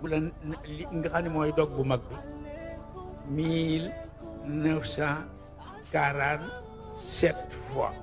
bu la li nga xam ne mooy dog bu mag bi mille neuf cent quarante sept fois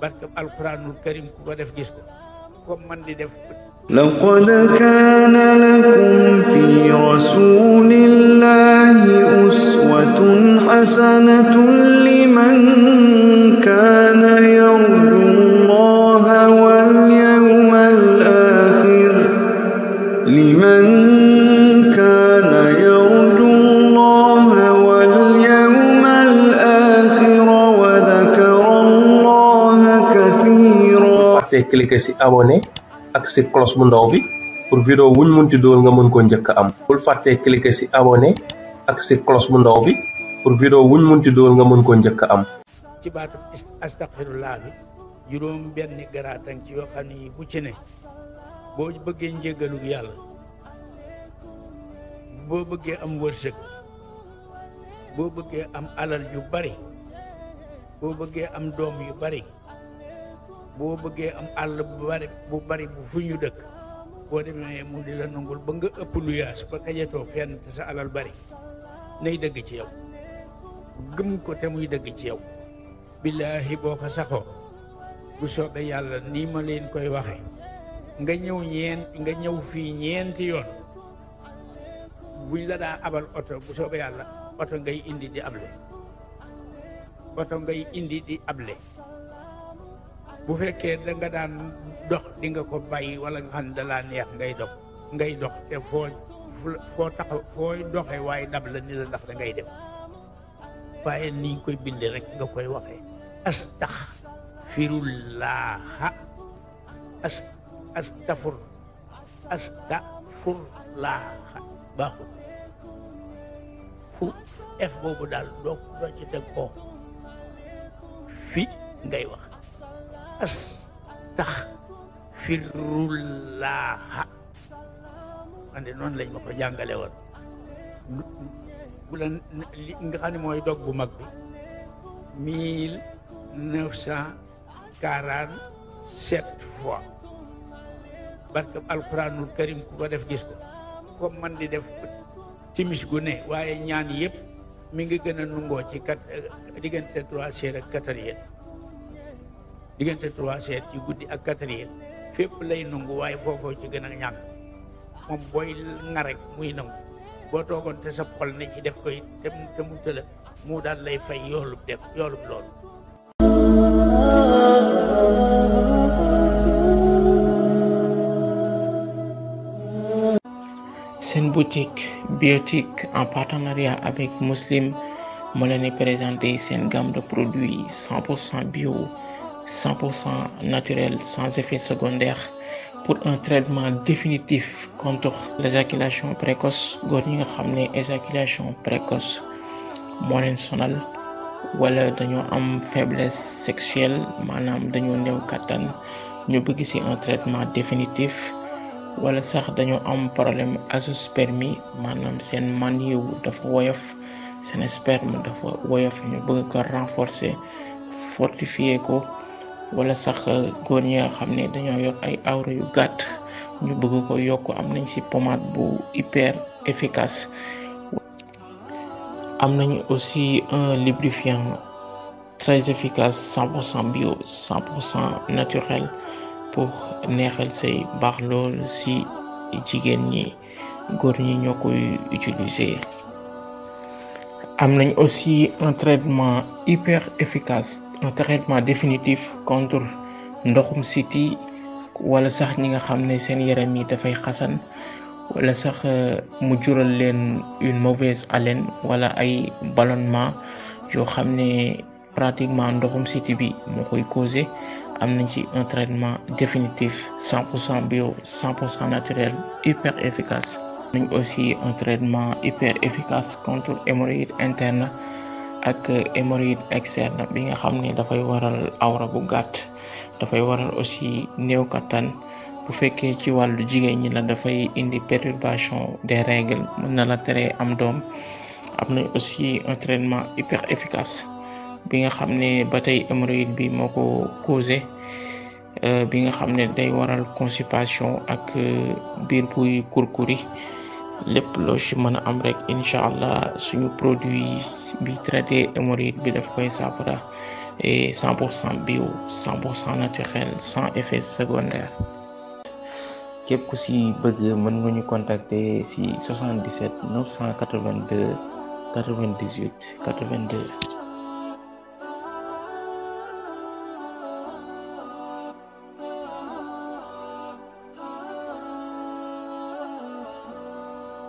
barkab alquranul karim ku ko def gis ko comme man di def لقد كان لكم في رسول الله أسوة حسنة لمن ngay cliquer ci abonné ak ci cloche bu ndaw bi pour vidéo wuñ munti dool nga mën ko ñëk am bul faté cliquer ci abonné ak ci cloche bu ndaw bi pour vidéo wuñ munti dool nga mën ko ñëk am ci baatu astaghfirullah bi juróom benn garaatan ci yoo xam ne bu ci ne boo bëggee njéggalu yàlla boo bëggee am wërsëg boo bëggee am alal yu bari boo bëggee am doom yu bari boo bëggee am àll bu bari bu fu ñu dëkk boo demee mu di la nangul ba nga ëpp lu ba kajatoo fenn te sa alal bari nay dëgg ci yow gëm ko te muy dëgg ci yow billaahi boo ko saxoo bu soobee yàlla nii ma leen koy waxe nga ñëw ñeen nga ñëw fii ñeenti yoon buñ la daa abal oto bu soobee yàlla oto ngay indi di able oto ngay indi di able bu fekkee da nga daan dox di nga ko bàyyi wala nga xam ne neex ngay dox ngay dox te foo foo taxaw foo doxee waaye dab la ni la ndax da ngay def waaye niñ koy bindee rek nga koy waxee astaxfirullaaha as astafur astafurlaaha baaxul fu ef boobu daal doo doo ci teg ko fi ngay wax astaxfirullaha man de noonu lañ ma ko jàngale woon bu la li nga mooy dog bu mag bi mille neuf cent quarante sept fois barke alquranul karim ku ko def gis ko comme man di def timis gu ne waaye ñaan yëpp mi ngi gën a nungoo ci kat diggante trois heures ak quatre heures diggante trois heures ci guddi ak quatre heures fépp lay nangu waaye foofoo ci gën a ñàkk moom booy nga rek muy nangu boo toogoon te sa xol ne ci def koy te mu tëla mu daal lay fay yoolub def yoolub lool seen boutique biotique en partenariat avec Muslim moo leen di présenter seen gamme de produits 100% bio 100% naturel, sans effet secondaire, pour un traitement définitif contre l'éjaculation précoce. góor ñi éjaculation précoce moo sonale, ou wala dañoo am faiblesse sexuelle madame dañoo néew kàttan ñu bëgg un traitement définitif wala sax dañu am problème azoospermie maanaam seen man yiw dafa woyof seen sperme dafa woyof ñu bëgg ko renforcer fortifier ko wala sax euh, góor ñi nga xam ne dañoo yor ay awra yu gàtt ñu bëgg ko yokk am nañ bu hyper efficace am nañu aussi un lubrifiant très efficace 100% bio 100% naturel pour neexal say baax lool si jigéen ñi góor ñi ñoo koy utiliser am nañ aussi un traitement hyper efficace un traitement définitif contre Ndokhum City wala sax ñi nga xam ne seen yaram yi dafay xasan wala sax euh, mu jural leen une mauvaise haleine wala ay ballonnement yoo xam pratiquement Ndokhum City bi moo koy causé am ci un traitement définitif 100% bio 100% naturel hyper efficace aussi un traitement hyper efficace contre hémorroïde interne ak hémorroïde externe bi nga xam ne dafay waral awra bu gàtt dafay waral aussi néew kattan bu fekkee ci wàllu jigéen ñi la dafay indi perturbation des règles mën na la teree am doom am na aussi entrainement traitement hyper efficace bi nga xam ne ba tey hémorroïde bi moo ko causé euh, bi nga xam ne day waral constipation ak euh, biir buy kurkuri lépp loo ci mën a am rek incha allah suñu produit bi traité hémorroïde bi daf koy saafara e cent pour cent bio cent pour cent naturel sans effet secondaire. képp ku si bëgg mën nga ñu contacter ci 77 982 98 82.